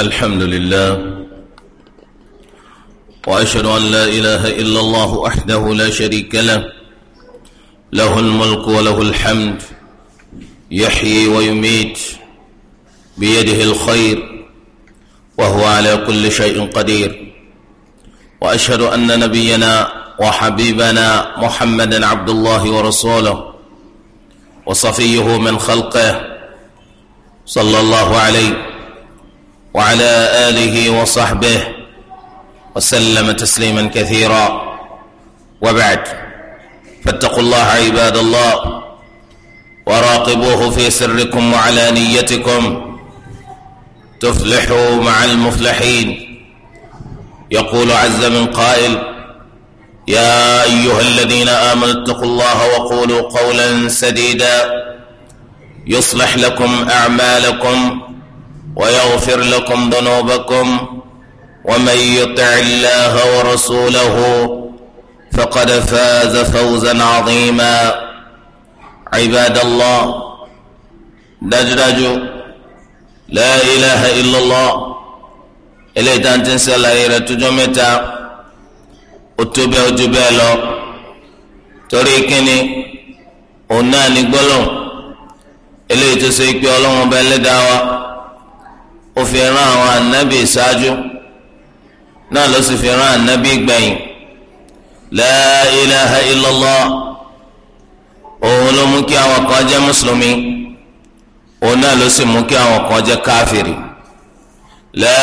الحمد لله وأشهد أن لا إله إلا الله وحده لا شريك له له الملك وله الحمد يحيي ويميت بيده الخير وهو على كل شيء قدير وأشهد أن نبينا وحبيبنا محمدا عبد الله ورسوله وصفيه من خلقه صلى الله عليه وعلى آله وصحبه وسلم تسليما كثيرا وبعد فاتقوا الله عباد الله وراقبوه في سركم وعلى نيتكم تفلحوا مع المفلحين يقول عز من قائل يا أيها الذين آمنوا اتقوا الله وقولوا قولا سديدا يصلح لكم أعمالكم ويغفر لكم ذنوبكم ومن يطع الله ورسوله فقد فاز فوزا عظيما عباد الله دجدج لا إله إلا الله إليه تنسى لغير تجمتا òtòbẹ ojú bẹ́ẹ̀ lọ torí kíni òun náà ní gbólóhùn eléyìí tó ṣe pé ọlọ́run ọba ẹlẹ́dàá wa ó fi ran àwọn ànábì ṣáájú náà ló sì fi ran ànábì gbẹ̀yìn la ilaha illallah òun ló mú kí àwọn kan jẹ́ mùsùlùmí òun náà ló sì mú kí àwọn kan jẹ́ káfìrì la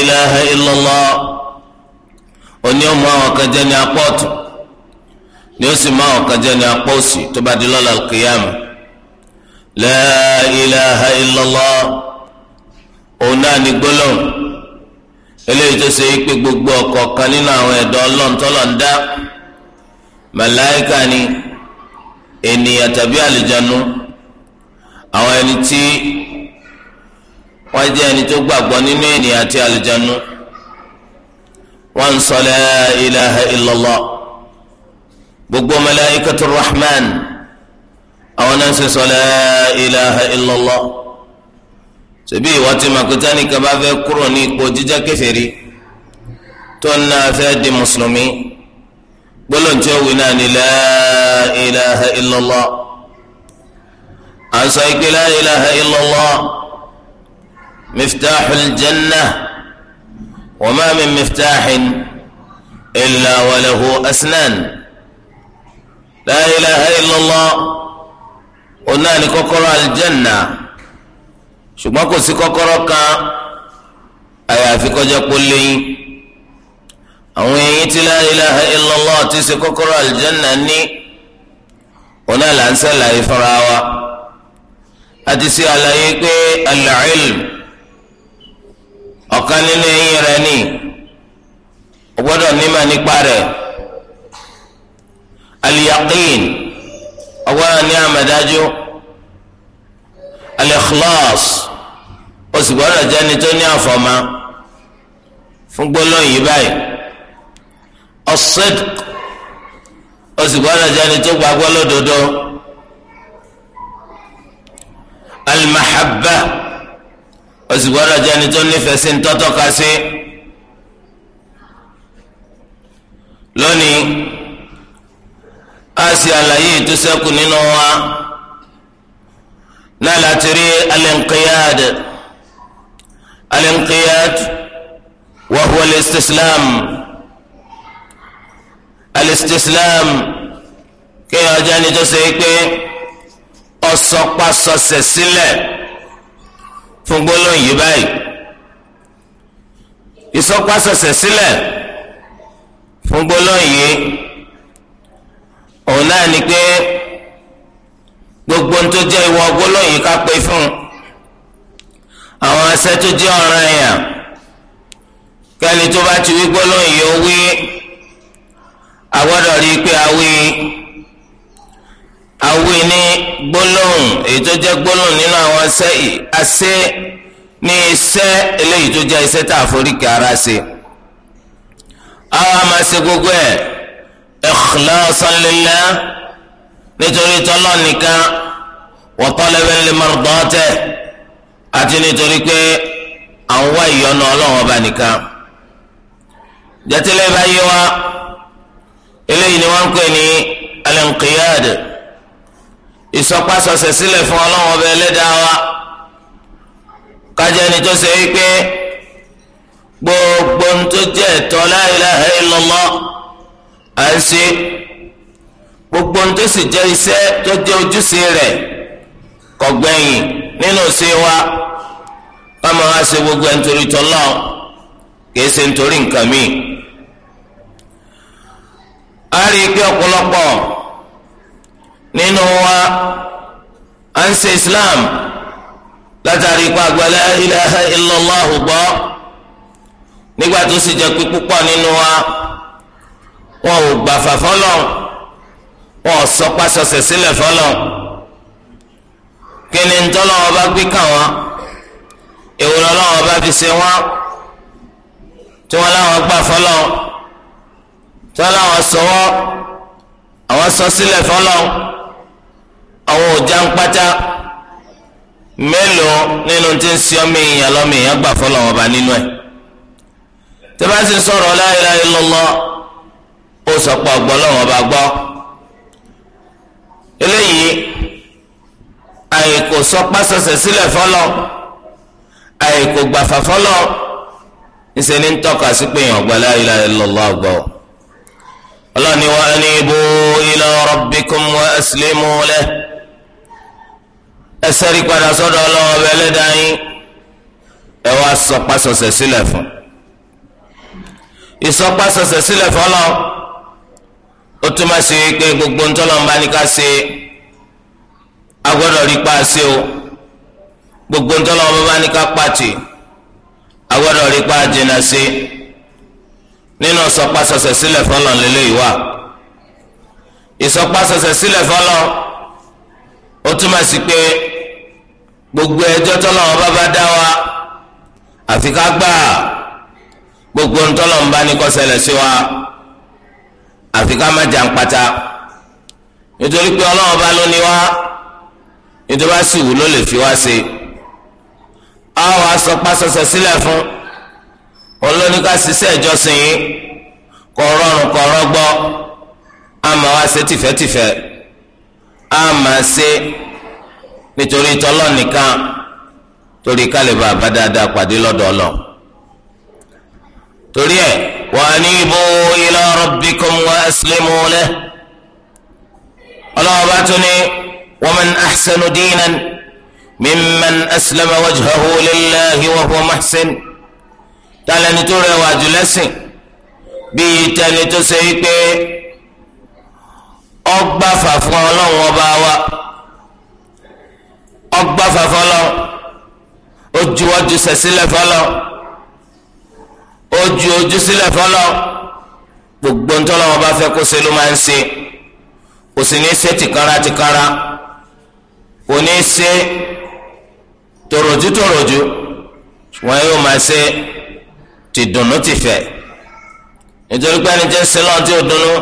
ilaha illallah ó mú àwọn kan jẹ́ ní apá ọ̀tún ni ó sì mú àwọn kan jẹ́ ní apá òsì tó bá di lọ́la kìyàmù la ilaha òun náà ní gbólóhùn eléyìí tó ṣe pé gbogbo ọ̀kọ̀ọ̀kan nínú àwọn ẹ̀dọ́ ọlọ́ntọ́lọ́ ń dá màláìka ni ènìyàn tàbí àlìjánu àwọn ẹni tí wọ́n jẹ́ ẹni tó gbàgbọ́ nínú ènìyàn àti àlìjánu wọ́n ń sọ la ilaha illallah gbogbo màláìkatu rahman àwọn náà ń sọ la ilaha illallah ṣebí ìwọ ti mọ̀ pé tánìkan bá fẹ́ kúrò ní ipò jíjẹ́ kèfèrí tó ń náà fẹ́ di mùsùlùmí gbólóhùn tí ó wí náà ní la ilaha illallah à ń sọ ike la ilaha illallah miftaaxul janna wa ma min miftaaxin illa wa asnan la ilaha illallah ó náà ní aljanna ṣùgbọ́n kò sí kọ́kọ́rọ́ kan àyàfi kọjá pọ̀ lẹ́yìn àwọn èyí tí la ilaha illallah ti ṣe kọ́kọ́rọ́ àlìjánná ní ọ̀nà làǹṣẹ́ làyè fara wa àti ṣe àlàyé pé al-ilm ọ̀kan nínú eyín rẹ̀ ni o gbọ́dọ̀ nímọ̀ nípa rẹ̀ al-yaqin ní àmàdájú al o sì gbọ́dọ̀ jẹ́ni tó ní àfọ̀mọ́ fún gbólóhùn yìí báyìí ọ̀sẹ́dù o sì gbọ́dọ̀ jẹ́ni tó gbàgbọ́ lódodo alimahaba o sì gbọ́dọ̀ jẹ́ni tó nífẹ̀ẹ́ sí ntọ́tọ́ka sí lónìí a sì àlàyé ìtúsẹ́kù nínú wa náà láti rí alẹ́ nkẹ́yàdẹ́. الانقياد وهو الاستسلام الاستسلام kí ọjà ni tó ṣe pé ọsọpasọsẹ sílẹ̀ fún gbólóhùn yìí báyìí ìsọpasọsẹ sílẹ̀ fún gbólóhùn yìí òun náà ni pé gbogbo ń tó jẹ́ ìwọ gbólóhùn yìí ká pé fún un àwọn ẹsẹ tó jẹ́ ọ̀ràn yà kẹ́ni tó bá ti wí gbólóhùn yóò wí agbọ́dọ̀ rí i pé awí awí ní gbólóhùn èyí tó jẹ́ gbólóhùn nínú àwọn ẹsẹ àṣẹ ní iṣẹ́ eléyìí tó jẹ́ iṣẹ́ tá a forí ara ṣe àwọn àmà gbogbo ẹ̀ ikhlasan lillah nítorí tọ́lọ́ nìkan wa talaban li mardatihi àti nítorí pé àwọn wá ìyọ́nú ọlọ́run ọba nìkan jẹtẹlẹ bá yé wa eléyìí ni wọ́n ń pè ní al ìsọpasọsẹ sílẹ̀ fún ọlọ́run ọba ẹlẹ́dàá wa kájẹ ni tó ṣe é pé gbogbo ń tó jẹ́ ẹ̀tọ́ la ilaha illallah à ń ṣe gbogbo ń tó sì jẹ́ iṣẹ́ tó jẹ́ ojúṣe rẹ̀ kọgbẹ́yìn nínú sí wa káma wá ṣe gbogbo ẹ̀ nítorí tọ́lọ́ kìí ṣe nítorí nǹkan mi. a rí i pé ọ̀pọ̀lọpọ̀ nínú wa à ń ṣe Islam látàrí ipa àgbàlá ilaha illallah gbọ́ nígbà tó sì jẹ́ pé púpọ̀ nínú wa wọn ò gbà fà fọlọ́ wọn ò sọpasọsẹ̀ sílẹ̀ fọlọ́ kí ni ntọ́lọ́wọ́ bá gbé kàn wọ́n èwo lọ́lọ́wọ́ bá fi ṣe wọ́n tí wọ́n láwọn gbà fọlọ́ tí wọ́n láwọn sọwọ́ àwọn sọ sílẹ̀ fọlọ́ àwọn òjá ń pátá mélòó nínú tí ń ṣe ọmọ èèyàn lọ́mọ èèyàn gbà fọlọ́ wọn bá nínú ẹ̀ tí wọ́n bá sì sọ̀rọ̀ la ilaha illallah ó sọ pé ọgbọ́n lọ́wọ́ bá gbọ́ eléyìí. àìkò sọpásọsẹ sílẹ̀ fọlọ àìkò gbàfà fọlọ níṣẹ́ ní ń sí pé èèyàn gbàlá ilà ìlọlọ àgbọ ọlọ́ni wa anibu ila rabbikum wa aslimu lẹ ẹ ṣẹ́rí padà sọ́dọ̀ ọlọ́wọ́ bẹ́ẹ̀ lẹ́dàá yín ẹ wá fún fọlọ ó túmọ̀ sí pé gbogbo ní ká ṣe é a gbọ́dọ̀ rí pa ṣe o gbogbo ntọ́lọ́ wọn bá ní ká pàtì a gbọ́dọ̀ rí pa jìnnà ṣe nínú sọpasọsẹ sílẹ̀ fọlọ́ lélẹ́ ìwà ìsọpasọsẹ sílẹ̀ fọlọ́ ó túmọ̀ sí pé gbogbo ẹjọ́ tọ́lọ́ wọn bá dá wa àfi ká gbà gbogbo ntọ́lọ́ wọn ní kọ́ sí wa àfi ká má jà ń pata nítorí pé ọlọ́wọ́n bá lóní wa nítorí wá sí ìwú ló lè fi wá ṣe á wàá sọ pásọsọ sílẹ̀ fún olóníkà ṣiṣẹ́ ìjọsìn yìí kò rọrùn kò rọgbọ á máa wá ṣe tìfẹ́tìfẹ́ á máa ṣe nítorí tọ́lọ́ nìkan torí kálíbà àbádáadáa pàdé lọ́dọ̀ ọlọ́run torí ẹ̀ wa anibu ila rabbikum wa aslimu lahu ọlọ́wọ́ bá tún ní. ومن أحسن دينا ممن أسلم وجهه لله وهو محسن تعالى نتورى واجلسي بيتا نتسيكي ọgbà fàfún ọlọ́run ọba wa ọgbà fàfún ọlọ́run ojú ojú sẹ̀sílẹ̀ fọlọ́ ojú ojú sílẹ̀ fọlọ́ gbogbo ntọ́lọ́wọ́ bá fẹ́ kó ṣe ló máa ń ṣe kò sì ní í ṣe tìkára tìkára kò ní í ṣe tòròjú tòròjú wọn yóò máa ṣe ti dùnú ti fẹ́ nítorí pé ẹni jẹ́ sílọ́n tí ó dùnú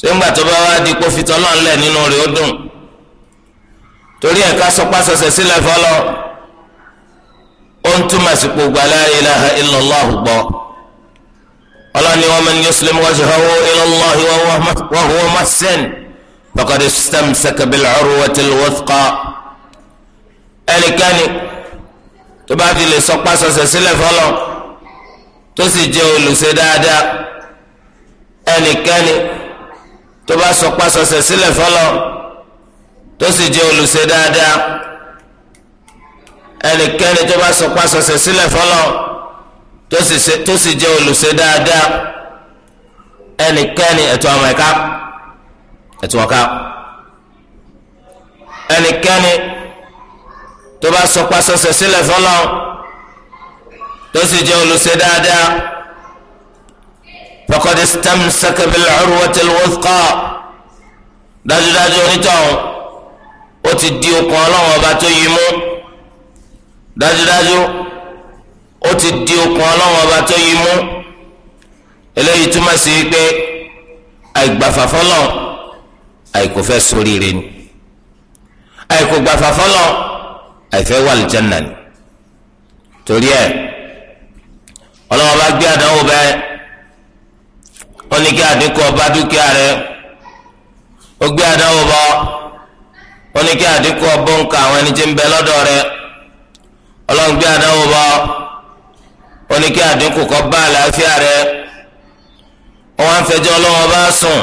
sẹ́ńgbà tó bá wá di kó fi tọ́lọ́ ńlẹ̀ nínú rẹ̀ ó dùn torí ẹ̀ ká sọpá sọsẹ̀ sílẹ̀ fọlọ́ ó ń túmọ̀ sí gbogbo la ilaha illallah gbọ́ ọlọ́ni wa man yuslim wajhahu ilallahi wa huwa muhsin faqad istamsaka bil urwatil wuthqa ẹnikẹ́ni tó bá fi lè sọpá sọsẹ̀ sílẹ̀ fọlọ́ tó sì jẹ́ olùṣe dáadáa ẹnikẹ́ni tó bá sọpá sọsẹ̀ sílẹ̀ fọlọ́ tó sì jẹ́ olùṣe dáadáa ẹnikẹ́ni tó bá sọpá sọsẹ̀ sílẹ̀ fọlọ́ tó sì jẹ́ olùṣe dáadáa ẹnikẹ́ni ẹ̀tọ́ ọmọ ẹ̀ka ẹtù wọn ká ẹnikẹ́ni tó bá sọpá sọsẹ sílẹ̀ fọlọ́ tó sì jẹ́ olùṣe dáadáa faqad istamsaka bil urwatil wuthqa dájúdájú onítọ̀hún ó ti di okùn ọlọ́wọ́n ọba tó yí mú dájúdájú ó ti di okùn ọlọ́wọ́n ọba tó yí mú eléyìí túmọ̀ sí pé àìgbàfà fọlọ́ọ̀ àìkò fẹ́ ṣoríire ni àìkò gbàfà fọlọ àìfẹ́ wà lìjánà ni torí ẹ ọlọ́wọ́ bá gbé àdánwò bẹ́ẹ̀ ó ní kí àdínkù ọba dúkìá rẹ ó gbé àdánwò bọ́ ó ní kí àdínkù ọbọ̀ ń ka àwọn ẹni tí ń bẹ lọ́dọ̀ rẹ ọlọ́run gbé àdánwò bọ́ ó ní kí àdínkù kọ́ bá àlàáfíà rẹ wọ́n á fẹjọ́ ọlọ́wọ́ bá sùn.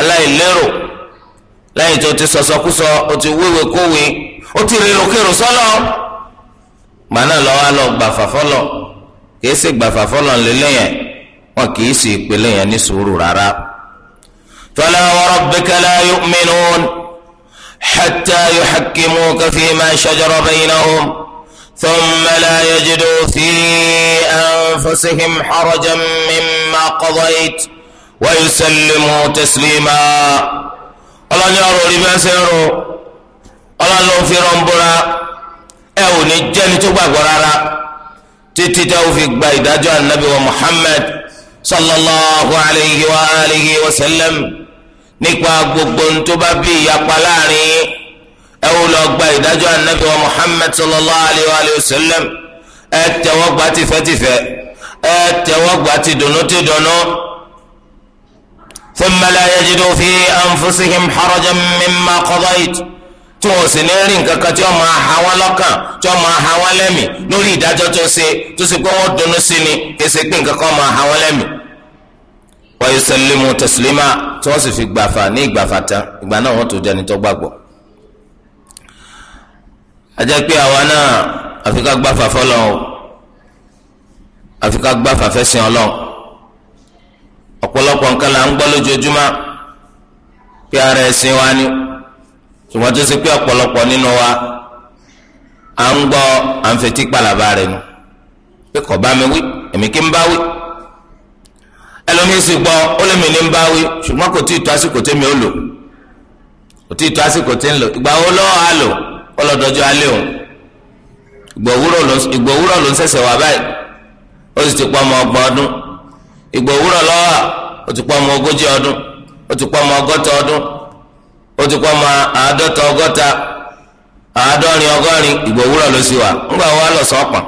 aláìlérò lẹ́yìn tó ti sọ̀sọ̀kúsọ o ti wéwèé kówèé o ti rèrò kérò sọ́lọ́ gbà náà lọ́wọ́ lọ gbàfà fọlọ́ kìí ṣe gbàfà fọlọ́ ńlẹ́lẹ́ yẹn wọn kìí ṣe ìpele yẹn ní sùúrù rárá. fala wa rabbika la yu'minun hatta yuhakkimuka fima shajara baynahum thumma la yajidu fi anfusihim harajan mimma qadayt wa yusallimu taslima ọlọ́ni ọ̀rọ̀ orí bẹ́ẹ̀ ṣe ń ro ọlọ́ni ló ń fi rán bóra ẹ ò ní jẹ́ni tó gbàgbọ́ rárá títí tá ò fi gba ìdájọ́ anabi wa muhammad sallallahu alayhi wa alihi wa sallam nípa gbogbo ntó bá bí ìyapa láàrin ẹ ò lọ gba ìdájọ́ anabi wa muhammad sallallahu alayhi wa alihi wa sallam ẹ tẹ́wọ́ gbà tìfẹ́tìfẹ́ ẹ tẹ́wọ́ gbà tìdùnnú tìdùnnú. ثم لا يجدوا في أنفسهم حرجا مما قضيت tí wọn sì ní rí nǹkan kan tí wọn máa ha wọn lọ́kàn tí wọn máa ha wọn lẹ́mìí lórí ìdájọ́ tó ṣe tó ṣe pé wọn dunnú sí ni kì í ṣe pé nǹkan kan máa ha wọn lẹ́mìí. wa yusallimu taslima tí wọ́n sì fi gbàfà ní ìgbàfà tán ìgbà náà wọ́n tó jẹni tó gbàgbọ́. a jẹ́ pé àwa náà àfi ká gbàfà fọlọ́n o àfi ká gbàfà fẹ́sìn Ọlọ́run ọ̀pọ̀lọpọ̀ nǹkan là ń gbọ́ lójoojúmọ́ pé ara ẹ̀sìn wa ni ṣùgbọ́n tó ṣe pé ọ̀pọ̀lọpọ̀ nínú wa à ń gbọ́ à ń fetí pàlàbà rẹ̀ nu pé kò bá mi wí èmi kí ń bá wí ẹlòmíín sì gbọ́ ó lé mi ní ń bá wí ṣùgbọ́n kò tí ì tó àsìkò tẹ́mi ó lò kò tí ì tó àsìkò tẹ́ ń lò ìgbà wo lọ́wọ́ á lò ó lọ dọjọ́ alẹ́ òun ìgbòwúrọ̀ ló ń ṣẹ̀ṣẹ̀ wà báyìí ó sì ti pọ́ ọmọ ọgbọ̀n ọdún Igbo òwúrọ̀ lọ́wọ́ ó ti pọ̀ ọmọ ogójì ọdún ó ti ọgọ́ta ọdún ó ti àádọ́ta ọgọ́ta àádọ́rin ọgọ́rin ìgbà ló sì wà ńgbà lọ sọ́pọ̀n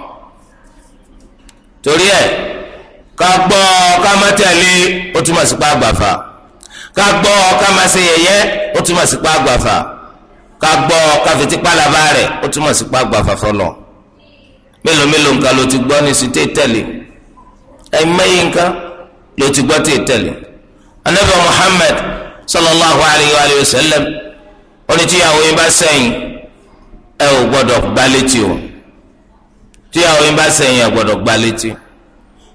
torí ẹ̀ ká gbọ́ ká má tẹ̀lé ó túmọ̀ sí pa àgbàfà ká gbọ́ ká má ṣe yẹ̀yẹ́ ó túmọ̀ sí pa àgbàfà ká gbọ́ ká fi tipa làbá rẹ̀ ó túmọ̀ sí pa àgbàfà ti gbọ́ ní ló ti gbọ́ tí ì tẹ̀lé anabi muhammad sallallahu alayhi wa sallam onítíyàwó yín bá sẹ́yìn ẹ ò gbọ́dọ̀ gbá létí o tíyàwó yín bá sẹ́yìn ẹ gbọ́dọ̀ gbá létí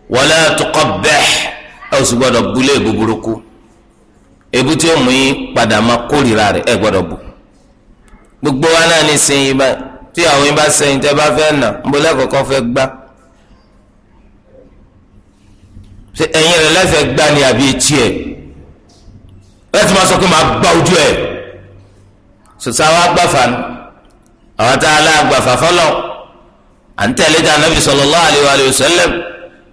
wala tuqabbih ẹ ò sì gbọ́dọ̀ buburuku ebu tí ó mú yín padà máa kórìíra rẹ̀ ẹ gbọ́dọ̀ gbogbo wa náà ní sẹ́yìn yín bá sẹ́yìn tẹ́ bá fẹ́ nà ń ṣe ẹ̀yìn rẹ̀ lẹ́sẹ̀ gbá ni àbí etí ẹ̀ láti máa sọ pé màá gbá ojú ẹ̀ sòsà wa gbàfà ni àwọn tá a lá gbàfà fọlọ́ à ń tẹ̀lé ta nàbì sallallahu alaihi wa sallam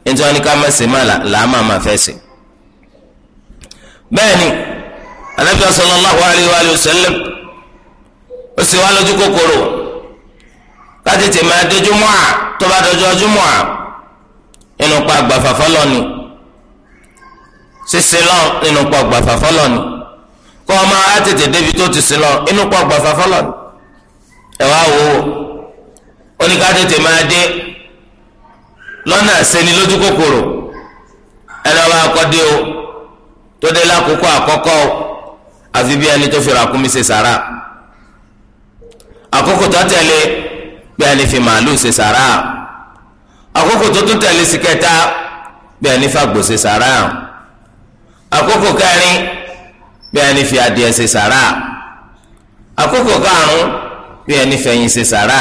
nítorí wọn ni ká má sè má làá má má fẹ́ sè bẹ́ẹ̀ ni anabi sallallahu alayhi wa sallam ó sì wá lójú kòkòrò ká tètè máa à tó bá dojú ọjú à inú pa àgbàfà fọlọ́ ni sísè lọ nínú pọ̀ gbàfà fọlọ́ ni kọ́ ọ máa tètè débi tó ti sè lọ inú pọ̀ gbàfà fọlọ́ ni ẹ wá wò ó oníkà tètè máa dé lọ́nà àsẹni lójú kòkòrò ẹ lọ́ bá kọ́ dé o tó dé lákòókò àkọ́kọ́ o àfi bí ẹni tó fi ràkúnmí ṣe sàrà àkókò tó tẹ̀lé bí ẹni fi màálù ṣe àkókò tó tún tẹ̀lé sí bí ẹni fàgbò ṣe àkókò kẹrin bí ẹni fi adìẹ ṣe sàrà àkókò karùn bí ẹni fẹ̀yìn ṣe sàrà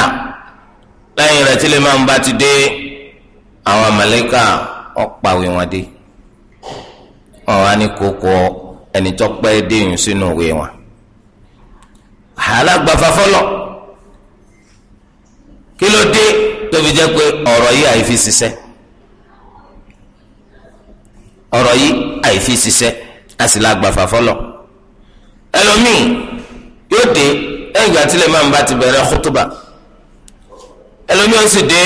lẹ́yìn rẹ̀ tí lè máa ń bá ti dé àwọn màlàíkà ọ̀pàwé wọn dé ọ̀hún á ní kókó ẹni tó pẹ́ déyìn sínú ìwé wọn alágbàfà fọlọ́ kí ló dé tóbi jẹ́ pé ọ̀rọ̀ yìí àìfi ṣiṣẹ́ ọ̀rọ̀ yìí àìfi ṣiṣẹ́ a sì la gbàfà fọlọ ẹlòmíì yóò dé ẹ̀yìn ìgbà tí lè máa ń bá ti bẹ̀rẹ̀ kútùbà ẹlòmíì ó sì dé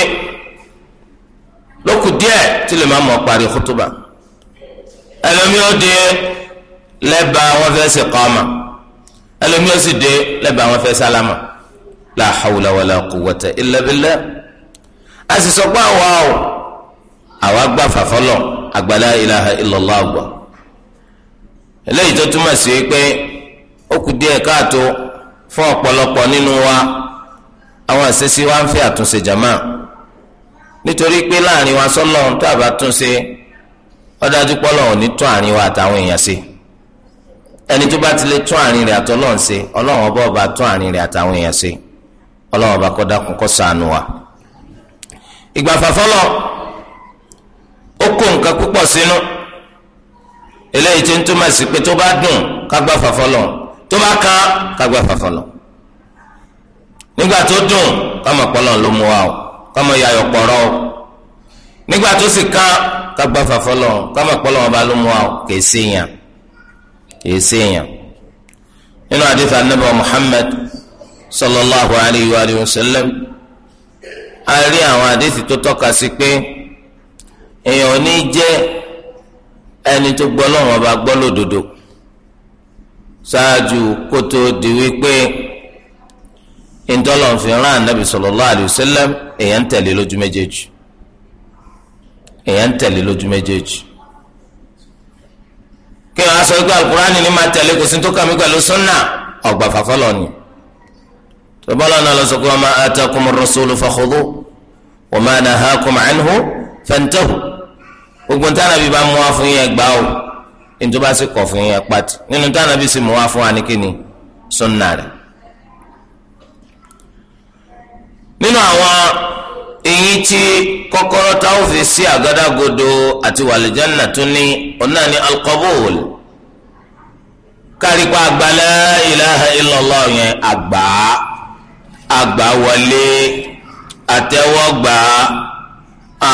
lókù díẹ̀ tí lè máa mọ parí kútùbà ẹlòmíì ó dé lẹ́ba wọn fẹ́ ṣe kọ́ọ̀mà ẹlòmíì ó sì dé lẹ́ba wọn fẹ́ sálámà la hawla wala quwwata illa a sì sọ pé àwa o àwa gbàfà fọlọ àgbàlá ilaha illallah àgbà eléyìí tó túmọ̀ sí pé ó kù díẹ̀ káàtó fún ọ̀pọ̀lọpọ̀ nínú wa àwọn àṣẹṣe wa ń fẹ́ àtúnṣe jama nítorí pé láàrin wa sọ́lọ́ tó àbá túnṣe ó dájú pọ́lọ́ ò ní tún àárín wa àtàwọn èèyàn ṣe ẹni tó bá ti lè tún àárín rẹ̀ àtọ́lọ́run ṣe ọlọ́run ọba ọba tún àárín rẹ̀ àtàwọn èèyàn ṣe ọlọ́run ọba kọ́ dákun kó wa ìgbà fàfọ́lọ́ ó kó nǹkan púpọ̀ sínú eléyìí tí ń túmọ̀ sí pé tó bá dùn ká gbá fàfọ́ lọ tó bá kán ká gbá fàfọ́ lọ nígbà tó dùn ká mọ̀ pọ́lọ́ ló mú wa o ká mọ̀ pọ̀rọ̀ o nígbà tó sì ká gbá fàfọ́ lọ ká mọ̀ pọ́lọ́ ló mú wa o kìí sí èèyàn kìí sí èèyàn nínú àdìsí Ànábì Muhammad sallallahu alayhi wa sallam a rí àwọn àdìsí tó tọ́ka sí pé èèyàn ní jẹ́ ẹni tó gbọ́ lọ́wọ́ ọba gbọ́ lódodo ṣáájú kó tó di wípé ntọ́lọ́nfin rán anabi sallallahu alayhi wa sallam èèyàn ń tẹ̀lé lójú méjèèjì èèyàn ń tẹ̀lé lójú méjèèjì kí wọn sọ pé alukurani ni máa tẹ̀lé kò sí tó kàmí pẹ̀lú sunna ọgbà fàfọlọ ni tọ́bọ́lá náà lọ sọ pé wa ma atakumur rasulu fakhudhu wa ma nahakum anhu fantahu gbogbo ntànàbí bá mú wá fún yẹn gbà ó nítorí bá sì kọ̀ fún yẹn pati nínú ntànàbí sì mú wá fún wa ní kíni sunna rẹ̀. nínú àwọn èyí tí kọ́kọ́rọ́ fi sí àgádágodo àti wàlìjánà tó ní ọ̀nà ní alqabul kárípa àgbà la ilaha illallah yẹn àgbà àgbà wọlé àtẹ́wọ́gbà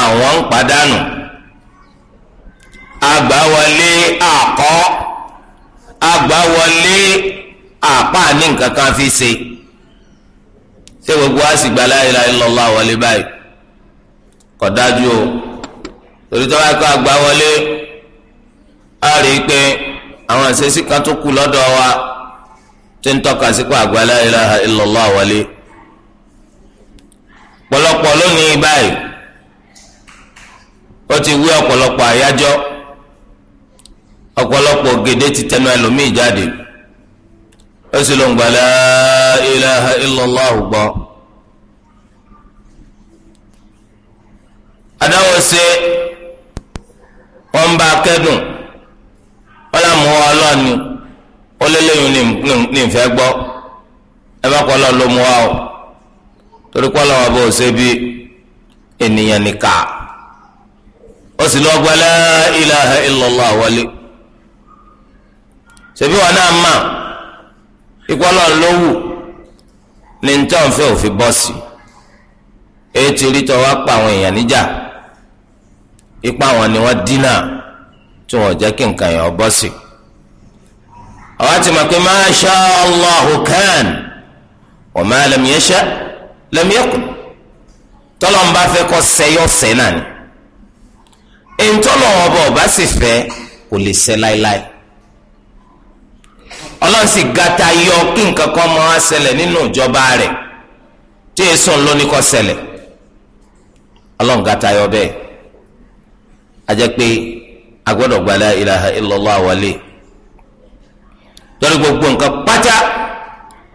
àwọn ń padànù agbawọlé àkọ́ agbawọlé àpá ní nǹkan kan fi ṣe ṣé gbogbo wa sì gba la ilaha illallah wọlé báyìí kò dájú o torí tó bá kọ́ agbawọlé a rí i pé àwọn àṣẹṣí kan tó kù lọ́dọ̀ wa tí ń tọ́ka sí pé àgbà la ilaha illallah wọlé pọ̀lọpọ̀ lónìí báyìí ó ti wí ọ̀pọ̀lọpọ̀ àyájọ́. ọ̀pọ̀lọpọ̀ gèdè ti tẹnu ẹlòmíì jáde ó sì ló ń gbà la gbọ́. adáwọ̀ ṣe wọ́n bá kẹ́dùn wọ́n làmú ọlọ́ọ̀ni ó lélẹ́yìn ní ìfẹ́ gbọ́ ẹ bá kọ́ lọ́ọ́ ló mú wa o torí kọ́ lọ́wọ́ bó ṣe bí ènìyàn ó sì wọlé. ṣebí wọn náà mà ikú Ọlọ́run ló wù ní nítorí fẹ́ òfin bọ́ọ̀sì ètò ìrìtọ̀ wá pa àwọn èèyàn níjà ipa wọn ni wọ́n dínà tí wọ́n jẹ́ kí nǹkan yẹn bọ́ọ̀sì àwa ti mọ̀ pé ma sha Allahu kan wa ma lam yasha lam yakun tọ́lọ̀ náà ni ntọ́lọ̀ ọba ọba sì fẹ́ kò lè sẹ́ láéláé ọlọ́run sì gata yọ kí nǹkan kan mọ́ á ṣẹlẹ̀ nínú ìjọba rẹ̀ tí èso ń lóní kọ́ ṣẹlẹ̀ ọlọ́run gata yọ bẹ́ẹ̀ a jẹ́ pé a gbọ́dọ̀ gba la ilaha illallah wọlé torí gbogbo nǹkan pátá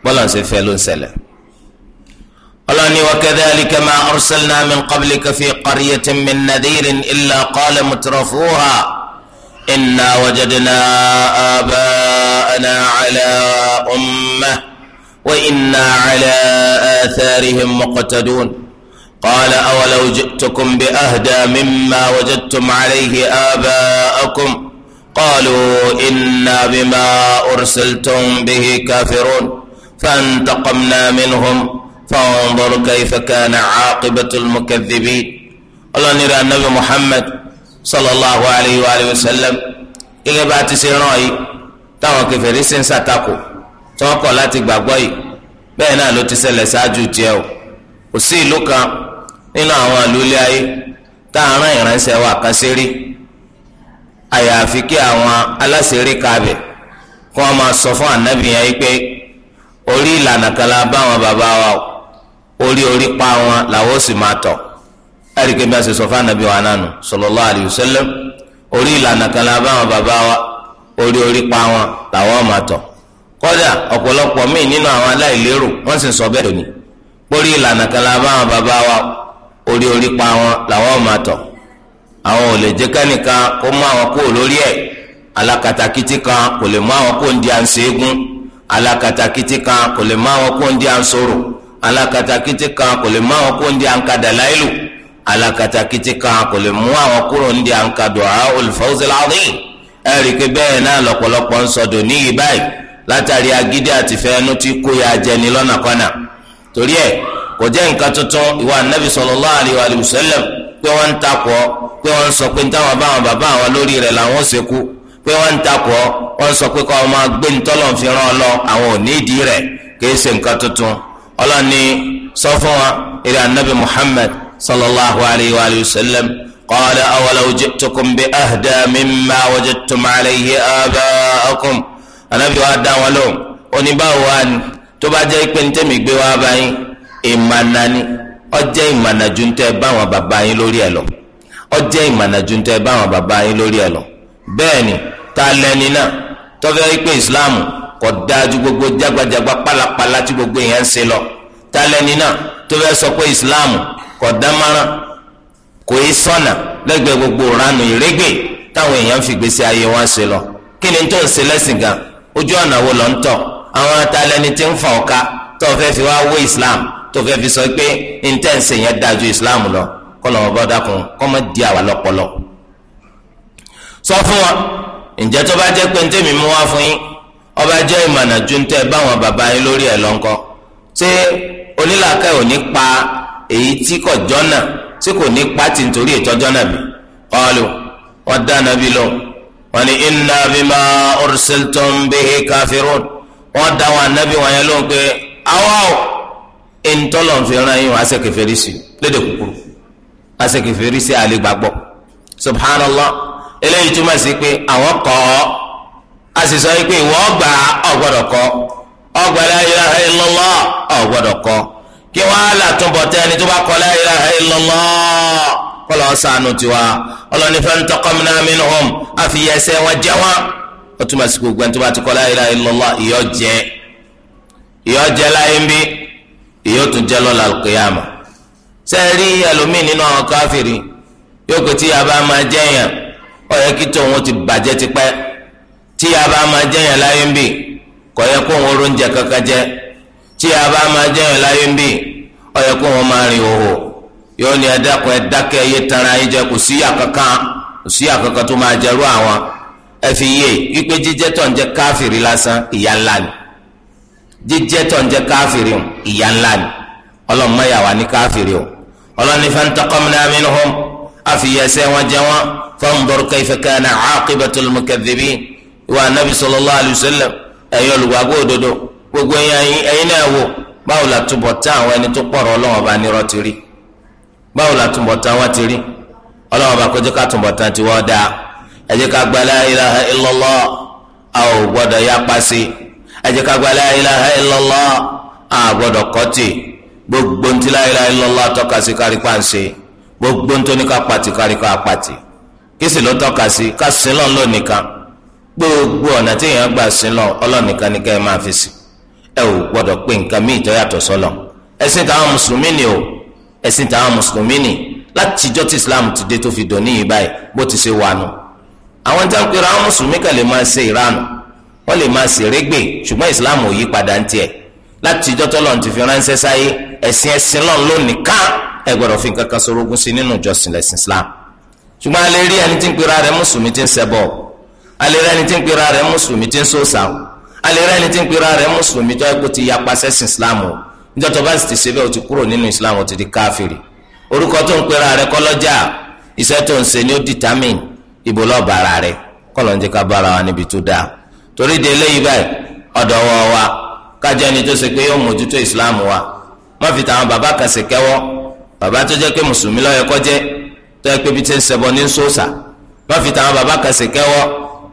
bọ́lá ń ṣe fẹ́ ló ń ṣẹlẹ̀ ọlọ́run ni wa kadhalika ma arsalna min qablika fi qaryatin min nadhirin illa qala mutrafuha. إنا وجدنا آباءنا على أمة وإنا على آثارهم مقتدون قال أولو جئتكم بأهدى مما وجدتم عليه آباءكم قالوا إنا بما أرسلتم به كافرون فانتقمنا منهم فانظر كيف كان عاقبة المكذبين الله نرى النبي محمد sallallahu alayhi wa alayhi wa sallam gẹ́gẹ́ bá a ti ṣe rán yìí táwọn kèfèrí sì ń ṣàtakò tí wọ́n kọ̀ láti gbàgbọ́ yìí bẹ́ẹ̀ náà ló ti ṣẹlẹ̀ ṣáájú tiẹ̀ o kò sí ìlú kan nínú àwọn àlùlé ayé tá a rán ìránṣẹ́ wa kan ṣe àyàfi kí àwọn aláṣẹrí kabẹ̀ kí wọ́n máa sọ fún ànábì yẹn yìí pé orí ìlànà kan la bá àwọn bàbá wa o orí orí pa wọn làwọn ó sì máa tọ̀ ẹ̀ríkẹ́ bí a ṣe sọ fún anabi wa nánu sallallahu alayhi wa sallam orí ìlànà kan la bá wọn bàbá wa orí orí pa wọn làwọn máa tọ̀ kọ́dà ọ̀pọ̀lọpọ̀ míì nínú àwọn aláìlérò wọ́n sì ń sọ bẹ́ẹ̀ lónìí pórí ìlànà kan la bá wọn bàbá wa orí orí pa wọn làwọn máa tọ̀ àwọn ò lè jẹ́ kẹ́nìkan kó mú àwọn kó lórí ẹ̀ alákatakítí kan kò lè mú àwọn kó ń di à ń ṣẹ́gun alákatakítí kan kò lè mú àwọn kó ń di à ń sọ̀rọ̀ alákatakítí kan kò lè mú àwọn kó ń di à ń kadà láìlù. Alakata kitika kò lè mú àwọn kúrò ní àǹkà du'aul fawzil azim ẹ rí i pé bẹ́ẹ̀ náà lọ́pọ̀lọpọ̀ ń sọdọ̀ níyì báyìí látàrí agídí àti fẹ́ẹ́nu tí kó ya jẹni lọ́nà kọ́nà torí ẹ̀ kò jẹ́ nǹkan tuntun ìwà nabi sallallahu alayhi wa sallam pé wọ́n ń takọ̀ pé wọ́n ń sọ pé táwọn bá wọn bàbá àwọn lórí rẹ̀ làwọn ṣe kú pé wọ́n ń takọ̀ wọ́n sọ pé káwọn máa gbé ntọ́lọ̀ fi ràn ọ́ lọ àwọn ò ní ìdí rẹ̀ kì í ṣe nǹkan tuntun ọlọ́ni sọ fún wa ìrẹ̀ anabi Muhammad صلى الله عليه وآله وسلم قال ji'tukum جئتكم بأهدى مما وجدتم عليه آباءكم أنا wa dá wọn lóhùn oníbàwò wa ni tó bá jẹ́ pé ntẹ́mi gbé wa báyìí ìmànà ni ọjẹ́ ìmànà ju ntẹ́ báwọn bàbá yín lórí ẹ̀ lọ ọjẹ́ ìmànà ju ntẹ́ báwọn bàbá yín lórí ẹ̀ lọ bẹ́ẹ̀ ni ta lẹni náà tọ́fẹ́ pé islam kò dájú gbogbo jagbajagba pálapàla tí gbogbo yẹn ń ṣe lọ ta lẹni náà tọ́fẹ́ sọ pé islam kọ̀dámárà kò í sọ̀nà lẹ́gbẹ̀ẹ́ gbogbo ranu ìrégbè táwọn èèyàn fi gbèsè ayé wọn ṣe lọ kí ni tó ń ṣe lẹ́sìn gan ojú ọ̀nà wo lọ ń tọ̀ àwọn atalẹ́ni tí ń fa ọ̀ka tó fẹ́ fi wá wé Islam tó fẹ́ fi sọ pé intense yẹn dájú Islam lọ kọ́ lọ́wọ́ bá dákun kọ́ mọ́ di àwa lọ́pọlọ. sọ fún wa ǹjẹ́ tó bá jẹ́ pé ntẹ́mi mú wá fún yín ọba jẹ́ ìmọ̀nà ju ntẹ́ báwọn bàbá yín lórí ẹ̀ lọ́nkọ́ ṣé onílàkẹ́ ò pa èyí tí kò jọ́nà tí kò ní pàtì nítorí ìtọ́jọ́ náà bì qalu wọ́n dá nàbí lọ wọ́n inna bima ursiltum bihi kafirun wọ́n dá wọn nàbí wọn yẹn pé wọn asẹ́kẹ̀fẹ́rí sí lédè kúkúrú asẹ́kẹ̀fẹ́rí sí àlè subhanallah eléyìí túmọ̀ sí pé àwọn kọ́ a sì sọ pé ìwọ kọ́ la kí wàhálà túnbọ̀ tẹ́ ẹni tó bá kọ́ la ilaha illallah kọ́lọ̀ ọ̀sánù tiwa ọlọ́ni fantaqamna minhum àfiyẹsẹ̀ wọn jẹ́ wọn ó túmọ̀ sí gbogbo ẹni tó bá ti kọ́ la ilaha illallah ìyọ́ jẹ́ ìyọ́ jẹ́ láyé ń bí ìyọ́ tún jẹ́ lọ́la al-qiyamah sẹ́ẹ̀rí ẹlòmíì nínú àwọn káfìrí yóò kó tí a bá máa jẹ́yàn ó yẹ kí tòun ti bàjẹ́ tipẹ́ tí a bá máa jẹ́yàn láyé ń bì kò yẹ kó òun oróúnjẹ kankan jẹ tí a bá máa jẹ́yàn láyé ń bì ó yẹ kó wọn máa rìn òhò yóò ní ẹdákun ẹdákẹ́ yé tara yín jẹ kò sí yà kankan kò sí yà kankan tó máa jẹrú àwọn ẹ fi yé wípé jíjẹ tó ń jẹ káfìrí lásán ìyà ńlá ni jíjẹ tó ń jẹ káfìrí ìyà ńlá ni ọlọ́run ní káfìrí o ọlọ́run ní fantaqamna minhum wọn jẹ wọn fanzur kayfa kana aqibatul mukadhibin ìwà anabi sallallahu alayhi wa sallam ẹ̀yin òdodo gbogbo ẹ̀yin ẹ̀yin náà wò báwo la túbọ̀ tán àwọn ẹni tó pọ̀rọ̀ ọlọ́wọ́n bá nírọ́ ti rí báwo la túbọ̀ tán wọ́n ti rí ọlọ́wọ́n bá kó ká túbọ̀ tán ti wọ́n dáa ẹ jẹ́ ká gba la ilaha illallah a ò gbọ́dọ̀ yá pàṣẹ ẹ jẹ́ ká gba la ilaha illallah a gbọ́dọ̀ kọ́tì gbogbo ntí la ilaha illallah tọ́ka sí kárí pàṣẹ gbogbo ntóni ká pàtì kárí ká pàtì kí sì ló tọ́ka sí ká sílọ̀ lónìí kan gbogbo ọ̀nà tí èèyàn gbà sílọ̀ ọlọ́nìkan ni ká ẹ máa fi sìn ẹ ò gbọ́dọ̀ pé nǹkan míì tó yàtọ̀ sọ́lọ̀ ẹ̀sìn táwọn mùsùlùmí ni o ẹ̀sìn táwọn mùsùlùmí ni látijọ́ tí islam ti dé tó fi dùn níyì báyìí bó ti ṣe wà nù àwọn tí wọn pèrè àwọn mùsùlùmí kan lè máa ṣe ìranù wọn lè máa ṣe régbè ṣùgbọ́n islam ò yí padà ń tiẹ̀ látijọ́ tọ́lọ́run ti fi ránṣẹ́ sáyé ẹ̀sìn ẹ̀sìn lọ́n lónìí ká ẹ gbọ́dọ̀ fi nǹkan sorogún sí nínú ìjọsìn lẹ́sìn islam ṣùgbọ́n a lè rí ẹni tí ń pèrè ara rẹ̀ alẹ́rẹ́ ẹni tí ń pera rẹ̀ mùsùlùmí tó ẹgbẹ́ ti yapa sẹ́sìn islam o níjọ́ tó bá sì ti ṣe bẹ́ẹ̀ o ti kúrò nínú islam o ti di káfìrì orúkọ tó ń pera rẹ̀ kọ́lọ́jà iṣẹ́ tó ń ṣe ni ó determine ìbò lọ́ọ̀bà ara rẹ̀ kọ́lọ́ ń jẹ́ ká bára wa níbi tó dáa torí de eléyìí báyìí ọ̀dọ̀ wọ wa kájọ ẹni tó ṣe pé yóò mójútó islam wa má fi tàwọn bàbá kan ṣe bàbá tó jẹ́ pé mùsùlùmí ló tó yẹ pé bí ti ń ṣẹbọ ní sóòsà má fi tàwọn bàbá kan ṣe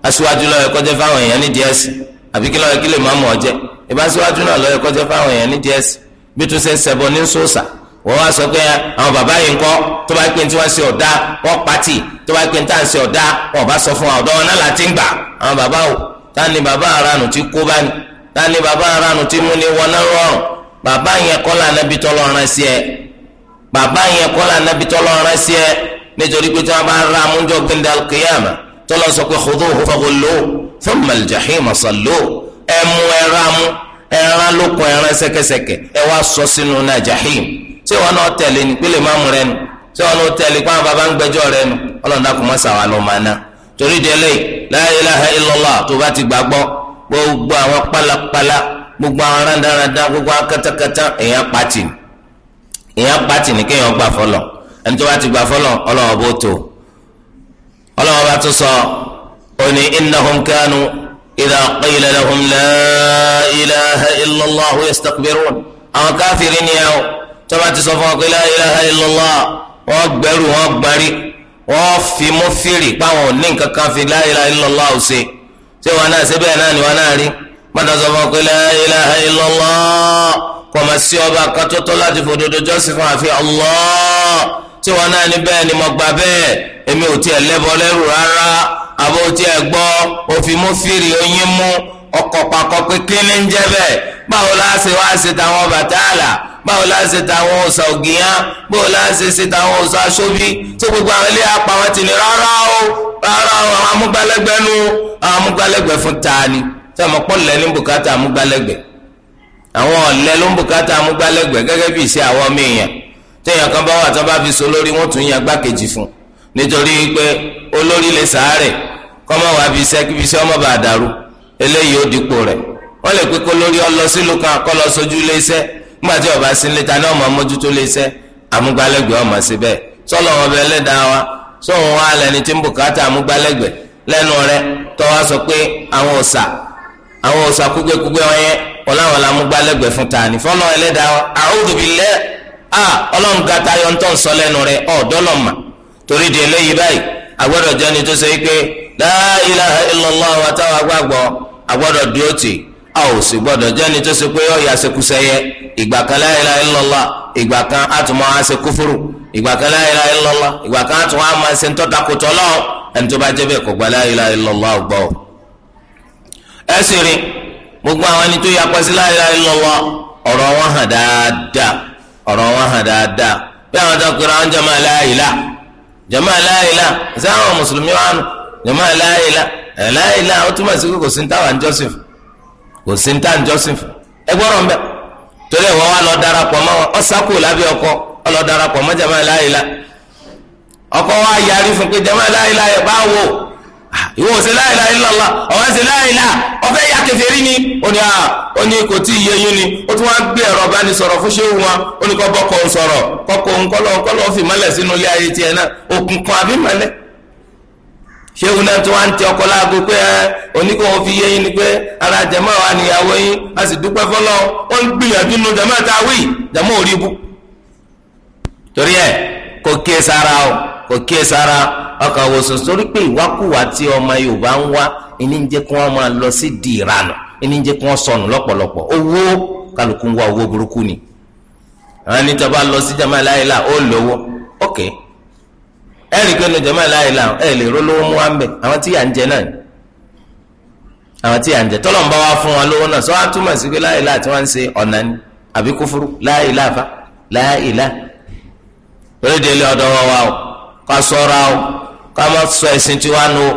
aṣíwájú ló yẹ kó jẹ́ fáwọn èèyàn nídìí àbí kí lọ́yọ̀ kí lè máa mọ̀ ọ́ jẹ́ ìbáṣíwájú náà lọ́yọ̀ kọjá fáwọn èèyàn ní díẹ̀ sí bí tó ṣe ń ṣẹbọ ní sòòsà wọ́n wá sọ pé àwọn bàbá yìí ń kọ́ tó bá pè ní tí wọ́n ṣe ọ̀dá wọ́n pàtì tó bá pè ní tá à ń ṣe ọ̀dá wọn bá sọ fún wa ọ̀dọ́ wọn náà láti ń gbà àwọn bàbá o tá ni bàbá aránù ti kó bá ní tá ni bàbá aránù ti mú ni wọn náà bàbá yẹn kọ́ là nábì tọ́lọ́ ọ̀ràn sí ẹ bàbá yẹn kọ́ là nábì tọ́lọ́ ọ̀ràn sí ẹ nítorí pé tí wọ́n bá ra amújọ gbẹ̀ndàl tọ́lọ́ sọ pé thumma al-jahima sallu ẹmu ẹran mu ẹran lókun ẹran sẹkẹsẹkẹ ẹ wá sọ sínú náà jahim ṣé wọn náà tẹ̀lé ní pílẹ̀ máàmù rẹ nu ṣé wọn náà tẹ̀lé pé àwọn baba ń gbẹjọ́ rẹ nu ọlọ́dà kò mọ̀ sàwọn àlọ́ máa ná torí délé la ilaha illallah tó bá ti gbàgbọ́ gbogbo àwọn pálapàla gbogbo àwọn rádaràda gbogbo àwọn katakata èèyàn pàtì èèyàn pàtì ní kéèyàn gbà fọlọ ẹni tó bá ti gbà fọlọ ọlọ́wọ́ bó tó ọlọ́wọ́ bá tó sọ oni innahum kanu idha qila lahum la ilaha illallah yastakbirun àwọn káfíìrì ni ẹ o tọ́ba ti sọ fún ọ pé la ilaha illallah wọ́n gbẹ́rù wọ́n gbarí wọ́n fi mú fìrì páwọn ní nǹkan kan fi la ilaha illallah ò ṣe ṣé wọn náà ṣe bẹ́ẹ̀ náà ni wọn náà rí gbọ́dọ̀ sọ fún ọ pé la ilaha illallah kọ̀mọ̀ sí ọba akátọ́tọ́ láti fòdodo jọ́sìn fún àfi Allah tí wọn náà ní bẹ́ẹ̀ ni mo gbà bẹ́ẹ̀ èmi ò tiẹ̀ lẹ́bọ lẹ́rù rárá àbò tí ẹ gbọ́ òfin mú fìrì oyin mú ọkọ̀ pàkọ́ pé kí ni ń jẹ́ bẹ́ẹ̀ báwo la ṣe wá ṣe tàwọn Bàtálá báwo la ṣe tàwọn ọ̀sà ògìyàn báwo la ṣe ṣe tàwọn ọ̀sà aṣọ́bí tó gbogbo àwọn ilé apá wọn ti ní rárá o rárá o àwọn amúgbálẹ́gbẹ́ nu àwọn amúgbálẹ́gbẹ́ fún taani tí a mọ̀ pọ́ lẹ́ ní bùkátà amúgbálẹ́gbẹ́ àwọn ọ̀lẹ́ ló ń bùkátà amúgbálẹ́gbẹ́ gẹ́gẹ́ bí ìṣe àwọn ọmọ téèyàn kan bá wà tó bá fi so lórí wọn tún yan gbákejì fún un nítorí pé olórí lè sàárè kọ́mọ wà bí iṣẹ́ kíbi iṣẹ́ ọmọ bá dàrú eléyìí ó dípò rẹ̀ wọ́n lè pé lórí ọ lọ sílùú kan kọ́ lọ sójú lé iṣẹ́ nígbà tí ọba sí létà ní ọmọ mójútó lé sọlọ wọn bẹ lẹ́dàá wa tí ń lẹ́nu sọ pé àwọn àwọn kúgbẹ́kúgbẹ́ la fún fọlọ́ ẹlẹ́dàá wa ọlọ́run gata ń torí di eléyìí báyìí agbọ́dọ̀ jẹ́ni tó ṣe pé la ilaha illallah wa táwa gbàgbọ́ agbọ́dọ̀ dúró tì a ò sì gbọ́dọ̀ jẹ́ni tó ṣe pé ó yà ṣekúṣẹyẹ ìgbà kan la ilaha illallah ìgbà kan àtúmọ̀ á ṣe kúfúrú ìgbà kan la ilaha illallah ìgbà kan àtúmọ̀ á máa ṣe ń tọ́ta kòtò lọ́wọ́ ẹni tó bá jẹ́ bẹ́ẹ̀ kò gba la ilaha illallah gbọ́ ẹ sì rí gbogbo àwọn ẹni tó yapa sí la ilaha illallah ọ̀rọ̀ wọn hàn dáadáa ọ̀rọ̀ jama láìla sáwọn mùsùlùmí wa nù jama láìla láìla ó túmọ̀ sí kò sí ní ko ń jọ́sìn fún kò sí ní ń jọ́sìn fún ẹ gbọ́dọ̀ mbẹ́ torí ìwọ wa lọ darapọ̀ mọ́ ọ sákò lábẹ́ ọkọ ọ lọ darapọ̀ mọ́ jama ọkọ wa yarí fún pé jama láìla yẹ bá wò. ìwọ ò ṣe láìla ìlàlá ọ̀hún ṣe láìla ọ̀fẹ́ ya kẹfẹ́rí ni ó ní ó ní kò tí ì yé ni ó tún gbé ẹ̀rọ bá ní sọ̀rọ̀ fún ṣéwù wọn ó ní kọ́ bọ́kọ̀ ń sọ̀rọ̀ kọ́kọ́ ń kọ́lọ́ kọ́lọ́ fi mọ́lẹ̀ sínú ilé ayé tiẹ̀ náà láago pé ẹ wọn fi ni pé ara jẹ̀mọ́ kò kíyè sára ọkàn wòsàn torí pé ìwákùwà tí ọmọ Yorùbá ń wá ìní ń jẹ́ kí wọ́n máa lọ sí di ìranù ìní ń jẹ́ kí wọ́n sọnù lọ́pọ̀lọpọ̀ owó kálukú ń wá owó burúkú ni àwọn ẹni tó bá lọ sí jama láìla ó lówó ok ẹ rí jama láìla ẹ lè ró lówó mú wa ń bẹ àwọn tí yà ń jẹ náà àwọn tí yà ń jẹ tọ́lọ̀ ń bá wa fún wọn lówó náà sọ wá túmọ̀ sí pé láìla tí wọ́n ń ṣe ọ̀nà ni àbí kúfúrú láìla fa láìla lórí délé ọ̀dọ́ wa wa o ká ṣọ́ra o ká má sọ ẹ̀sìn tiwa nù o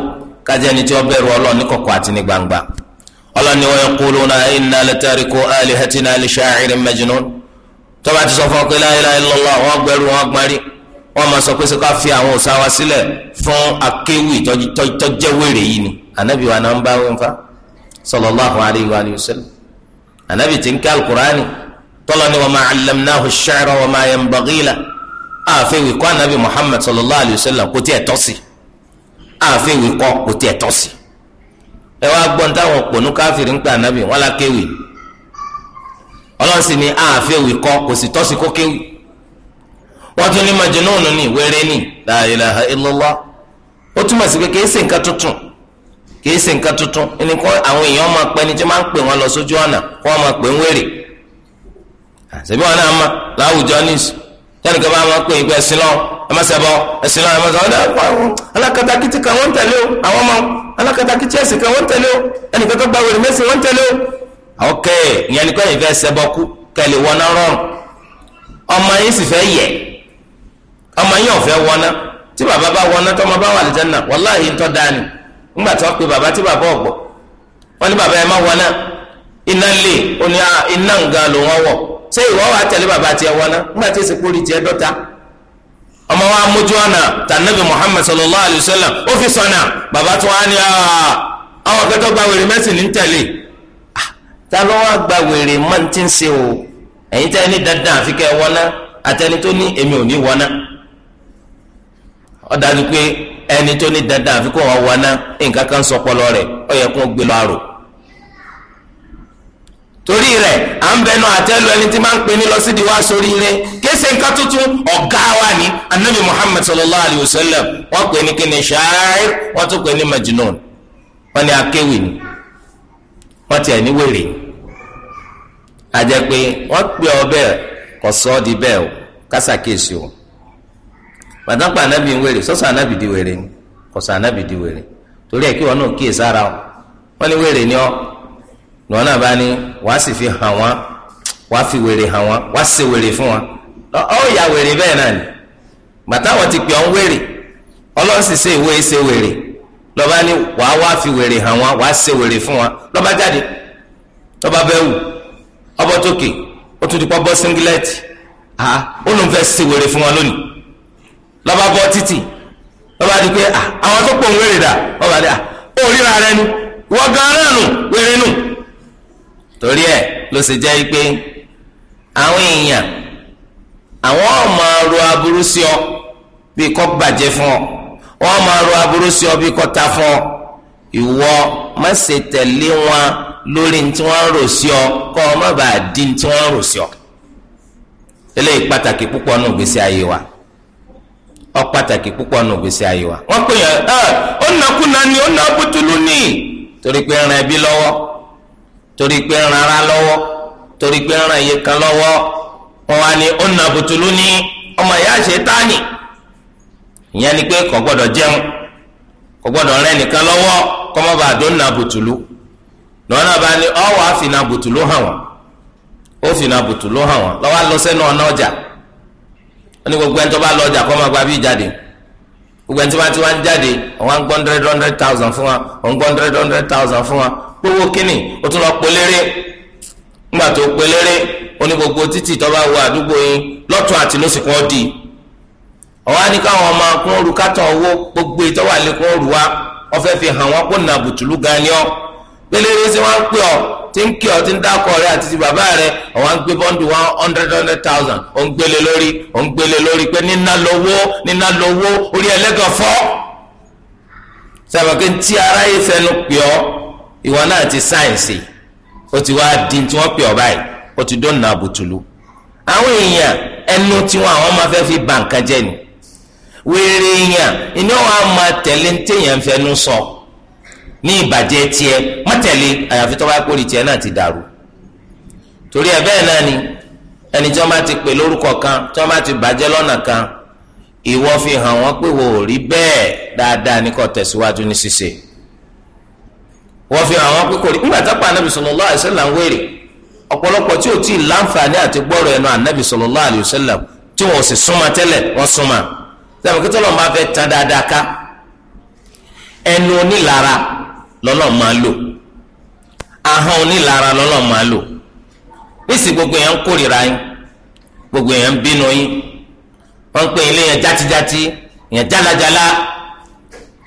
ká jẹ́ ẹni tí ó bẹ̀rù Ọlọ́run ní kọ̀kọ̀ àti ní gbangba. Ọlọ́run ní wa yaquluna inna latariku alihatina li sha'irin majnun tó ti sọ fún ọ pé la ilaha illallah wọn gbẹrù wọn gbẹrì wọn máa sọ pé fi àwọn òòṣà wa fún akéwì tọ́jẹ́wèrè yìí ni ànábì wa náà ń bá wọn fa sallallahu alayhi wa sallam ànábì ti ń kí alukur'ani tọ́lọ́ ni wa ma allamnahu ash-shi'ra ma yanbaghi lahu ààfin wìkọ́ anabi muhammad sallallahu alayhi wa sallam kò a tọ́ sí ààfin wìkọ́ kò tiẹ̀ tọ́ sí ẹ wá gbọ́n táwọn pònú káfíìrì ń anabi wọn la kéwì ni ààfin wìkọ́ kò sì tọ́ sí kó kéwì wọ́n tún ní majunúnù ni wéré ni la ó túmọ̀ sí pé nǹkan tuntun nǹkan tuntun ẹni kọ́ àwọn èèyàn máa pẹ́ ni máa ń pè wọ́n lọ sójú ọ̀nà máa pè ń tẹnika bá wọn pè é pé ẹsìn lọ ẹmẹsẹbọ ẹsìn lọ ẹmẹsẹbọ alákatakítí kan wọn tẹ̀lé o àwọn ọmọ alákatakítí kan wọn tẹ̀lé o ẹnìkan tó gba wèrè tẹ̀lé o. ok ìyẹn ni kẹ́yìn fẹ́ ṣẹbọ kú kẹ́lẹ́ wọná rọrùn ọmọ yín sì fẹ́ yẹ ọmọ yín ọ̀fẹ́ wọná tí bàbá bá wọná bá wà tí bàbá ṣé ìwọ wa tẹ̀lé bàbá tiẹ̀ a náà nígbà tí èsì kórìí tiẹ̀ dọ́ta ọmọ wa mójú ọ̀nà tànàbì Muhammad sallallahu alayhi wa sallam ó fi sọ̀nà bàbá tó wá ní ah, àwọn gba wèrè mẹ́sìn ní tẹ̀lé ah, ta ló wá gba wèrè máa ti ń ṣe o ẹ̀yin tẹ́ dandan àfi kẹ́ náà àtẹni tó ní èmi ò ní náà ẹni tó ní dandan náà nǹkan kan sọ pọlọ gbé torí rẹ̀ à ń bẹnu àtẹ́lu ẹni tí máa ń pè ní lọ sí diwa sórí rẹ̀ kése nǹkan tuntun ọgá wa ni anabi muhammad sallallahu alayhi wa sallam wọ́n pè ní kíni ṣááír wọ́n tún pè ní wọ́n ní akéwì ni ní wèrè pé wọ́n ọ kò sọ di o anabi ń wèrè anabi ni kò sọ anabi di wèrè torí kí wọn náà o ní wèrè ni lọ́wọ́ náà bá fi hàn wọ́n wàá fi wèrè hàn wọ́n wàá fún wọn wèrè bẹ́ẹ̀ náà ni bàtà ti pè ọ́n wèrè ọlọ́run sì ṣe ìwé ṣe wèrè lọ́ba ní wàá wàá fi wèrè hàn wọ́n wàá wèrè fún wọn lọ́ba jáde lọ́ba bẹ́ẹ̀ wù ọbọ̀ tókè ó tún ti pọ́ bọ́ were ó lóun fún wọn lónìí lọ́ba bọ́ títì lọ́ba di pé àwọn tó pọ̀ wèrè dà lọ́ba di à ó torí ẹ̀ ló ṣe jẹ́ pé àwọn èèyàn àwọn ọmọ ro aburú sí ọ bí kò bàjẹ́ fún ọ wọ́n máa ro aburú sí ọ bí kò ta fún ọ ìwọ má ṣe tẹ̀lé wọn lórí tí wọ́n ń rò sí ọ kọ́ ọ má bàa di tí wọ́n rò sí ọ eléyìí pàtàkì púpọ̀ nù gbèsè ayé wa ọ pàtàkì púpọ̀ nù gbèsè ayé wa wọ́n pè yàn ẹ́ ah, ó nàkúnà ni ó ni torí pé ẹran ẹbí lọ́wọ́ torí pé ń rara lọ́wọ́ torí pé ń iye kan lọ́wọ́ wọn wá ní ọ̀nà bùtùlù ní ọmọ ìyá ìyẹn ni pé kò jẹun kò rẹ nìkan lọ́wọ́ kọ́mọba àdónà bùtùlù lọ́nà bá ní ọ̀wọ́ àfìnà bùtùlù hàn wọ́n ó ọjà gbogbo ẹni ọjà gba bí jáde gbogbo ẹni ti wá jáde wọ́n á polówó kínní ó tún lọ nígbà gbogbo títì tó wo àdúgbò yín lọ́tún àti lọ́sì kan ọ̀wá ní káwọn ọmọ kún òru kátàn owó gbogbo ìtọ́wà lẹ́kún wa wọ́n fi hàn wọ́n ọ́ sí pè ọ gbé bọ́ǹdù one hundred thousand ó ń gbélé lórí ó ń gbélé lórí pé ìwọ náà ti sáyẹ̀nsì ó ti wá di tí wọ́n pè ọ́ báyìí ó ti dọ́nà àbùtùlù àwọn èèyàn ẹnu tiwọn àwọn máa fẹ́ fi ba nǹkan jẹ́ ni wèrè èèyàn iná wa máa tẹ̀lé téèyàn fẹnu sọ ní ìbàjẹ́ tiẹ̀ mọ́tẹ̀lé àyàfi tó bá pòrí tiẹ̀ náà ti dàrú torí ẹ̀ bẹ́ẹ̀ náà ni ẹni tí wọ́n bá ti pè lórúkọ kan tí wọ́n bá ti bàjẹ́ lọ́nà kan ìwọ fi hàn wọ́n pé wò ó rí bẹ́ẹ̀ dáadáa ní kò tẹ̀síwájú ní ṣíṣe. wọ́n fi hàn wọ́n pé kò rí nígbà tápà anabi sallallahu ń wéèrè ọ̀pọ̀lọpọ̀ tí ò tí ì láǹfààní àti gbọ́rọ̀ ẹnu anabi sallallahu tí wọ́n sì súnmọ́ tẹ́lẹ̀ wọ́n súnmọ́ kí tọ́lọ́ máa fẹ́ tán dáadáa ká ẹnu onílara lọ́lọ́ máa lò ahọ́n onílara lọ́lọ́ máa lò gbogbo yẹn ń kórìíra gbogbo yẹn ń bínú yín wọ́n pè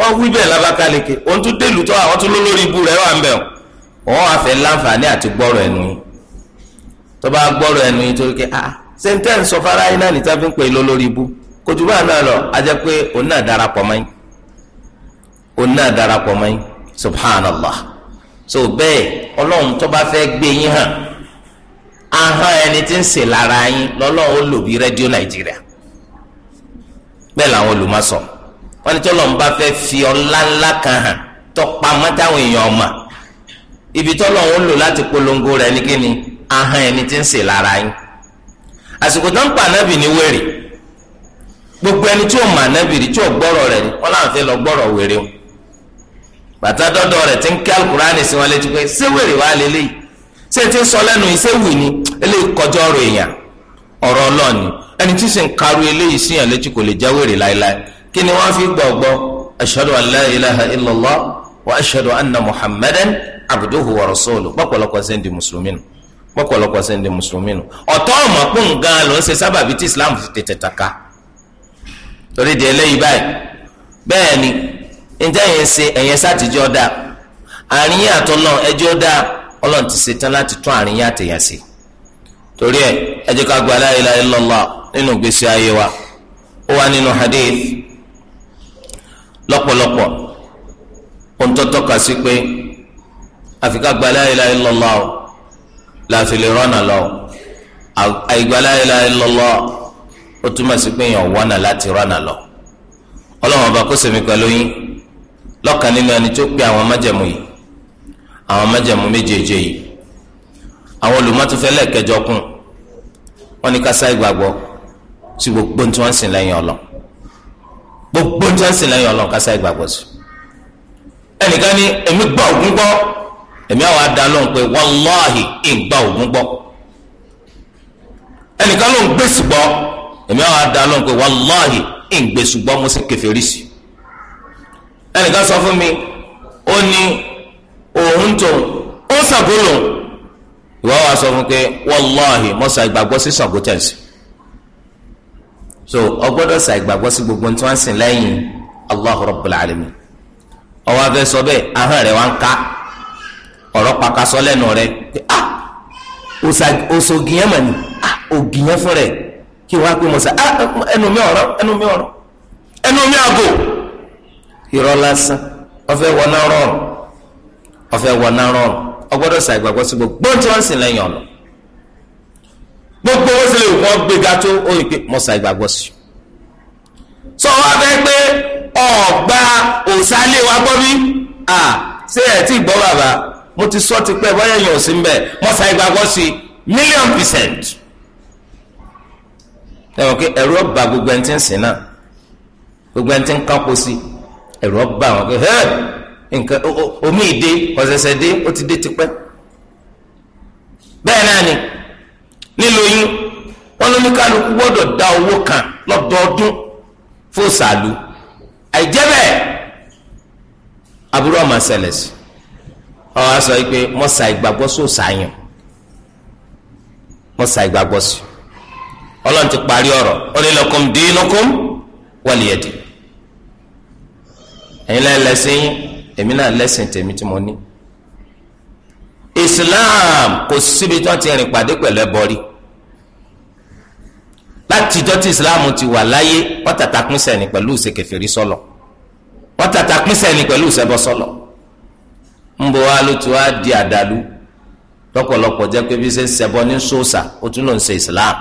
wọ́n wí bẹ́ẹ̀ lábákàlẹ́kẹ́ òun tún délùú tó àwọn tún lólórí ibu rẹ̀ wà ń bẹ̀ ọ́ wọ́n wá láǹfààní àti gbọ́rọ̀ ẹnu yìí tó bá gbọ́rọ̀ ẹnu yìí torí pé ah sentence sọ fara yín náà níta fi ń pè é ibu kò jù náà lọ a pé òun náà darapọ̀ mọ́ yín òun náà darapọ̀ mọ́ yín subhanallah so bẹ́ẹ̀ ọlọ́run tó bá fẹ́ gbé yín hàn ẹni tí ń sè lára yín lọ́lọ́run ó lò bí wọn ni tọ́lọ̀ ń bá fẹ́ fi ọlá ńlá kan hàn tọ́pa mọ́tàwọn èèyàn ọmọ ibi tọ́lọ̀ ń lò láti polongo rẹ̀ ní kíni ahọ́n ẹni tí ń sè lára yín àsìkò tó ń pa ànábì ní wèrè gbogbo ẹni tí ò mọ ànábì rí tí ò gbọ́rọ̀ rẹ̀ ni wọn láǹfẹ́ lọ gbọ́rọ̀ wèrè o bàtà dọ́dọ̀ rẹ̀ ti ń kí alukurani sí wọn létí pé ṣé wèrè wá lélẹ́yìí ṣé ti ń sọ lẹ́nu iṣẹ́ wì ni eléyìí kọjá ọ̀rọ̀ èèyàn ọ̀rọ̀ ọlọ́ọ̀ni ẹni tí sì ń karu eléyìí síyàn létí kò lè jẹ́ wèrè láéláé kí ni wọ́n fi gbọ̀gbọ́ ashadu an la ilaha illallah wa ashadu anna muhammadan abduhu wa rasuluhu pọ̀pọ̀lọpọ̀ ṣe ń di mùsùlùmí nù pọ̀pọ̀lọpọ̀ ṣe ń di mùsùlùmí nù ọ̀tọ̀ ọmọ pọ̀ nǹkan ló ń ṣe sábàbí tí islam fi tètè taka torí di eléyìí báyìí bẹ́ẹ̀ ni njẹ́ yẹn ṣe ẹ̀yẹn sátìjọ́ dá àárín àtọ́ náà ẹjọ́ dá ọlọ́run ti ṣe tán láti tún àárín àtẹ̀yàn sí torí ẹ ẹ ká gba la ilaha nínú ìgbésí ayé wa ó wà nínú hadith lọ́pọ̀lọpọ̀ ohun tó tọ́ka sí pé àfikà gba la ilaha illallah lè rọ́nà lọ àìgbà la ilaha illallah ó túmọ̀ sí pé èèyàn wọ́nà láti rọ́nà lọ ọlọ́run ọba kó sèmi pẹ̀lú yín lọ́kàn nínú ẹni tó pe àwọn májẹ̀mú yìí àwọn májẹ̀mú méjèèjì yìí àwọn olùmọ́tòfẹ́ lẹ́ẹ̀kẹjọ kún wọn ní ká sá ìgbàgbọ́ sí gbogbo tí wọ́n ń lẹ́yìn ọlọ́run gbogbo ń tẹ́sí lẹ́yìn ọlọ́kasá ìgbàgbọ́ sí. ẹnìkan ní èmi gba ògùn gbọ́ èmi àwọn adá lóhùn pé wàláhì ìgbà ògùn gbọ́ ẹnìkan ló ń gbèsè gbọ́ èmi àwọn adá lóhùn pé wàláhì ìgbèsè gbọ́ mo sì kẹfẹ́rì sí. ẹnìkan sọ fún mi ó ní òun tó ó ń sàgó wa sọ fún pé wàláhì mọ́sá ìgbàgbọ́ sí sàgó so ọgbọ́dọ̀ sa ìgbàgbọ́ sí gbogbo tí wọ́n ń sìn lẹ́yìn Allahu Rabbul Alamin ọwọ́ afẹ́ sọ bẹ́ẹ̀ ahọ́n rẹ̀ wá ń ká ọ̀rọ̀ pakasọ lẹ́nu rẹ̀ pé ah òsògì yẹn mà ní ah ògì yẹn fún rẹ̀ kí wọ́n á pè mọ̀ sá ah ẹnu mi ọ̀rọ̀ ẹnu mi ọ̀rọ̀ ẹnu mi àgò irọ́ lásán ọfẹ́ wọ náà rọrùn ọfẹ́ wọ náà rọrùn ọgbọ́dọ̀ sa ìgbàgbọ́ sí gbogbo tí wọ́n ń sìn lẹ́yìn ọ̀nà gbogbo wọn sì lè wọn gbé ga tó ó rí i pé mọ́sá ìgbàgbọ́ sí i. sọ wá fẹ́ pé ọ̀gbà òsálẹ̀ wa gbọ́ bí à ṣé ẹ̀ tí gbọ́ bàbá mo ti sọ ti pẹ́ bọ́yá yẹn ò sí mbẹ́ mọ́sá ìgbàgbọ́ sí i million percent. ẹ̀rọ pé ẹ̀rọ ọba gbogbo ẹni tí ń sìn náà gbogbo ẹni tí ń kápò sí ẹ̀rọ ọba àwọn pé ẹ́ nǹkan omi ìdè ọ̀sẹ̀sẹ̀ dé ó ti dé tipẹ́ bẹ́ẹ̀ náà ni nílò yín wọn ló ní kálukú gbọ́dọ̀ dá owó kan lọ́dọọdún fún sàlù àìjẹ́ bẹ́ẹ̀ aburú ọmọ ṣẹlẹ̀ sí ọ wá sọ pé mo sa ìgbàgbọ́ sí òsàyàn mo sa ìgbàgbọ́ sí ọlọ́run ti parí ọ̀rọ̀ ó ní lakum dinukum waliyadin ẹ̀yin lẹ́ẹ̀lẹ́sìn yín èmi náà lẹ́sìn tèmi tí mo ní islam kò síbi tí wọ́n ti rìn pàdé pẹ̀lú ẹbọ rí látijọ́ tí islam ti wà láyé wọ́n tàta pín sẹ́ni pẹ̀lú ìṣèkèfèrí sọ́lọ̀ wọ́n tàta pín sẹ́ni pẹ̀lú ìṣẹbọ sọ́lọ̀ ń bọ̀ wá ló ti wá di àdàlú lọ́pọ̀lọpọ̀ jẹ́ pé bí ṣe ń ṣẹbọ ní sóòsà ó tún ló ń ṣe islam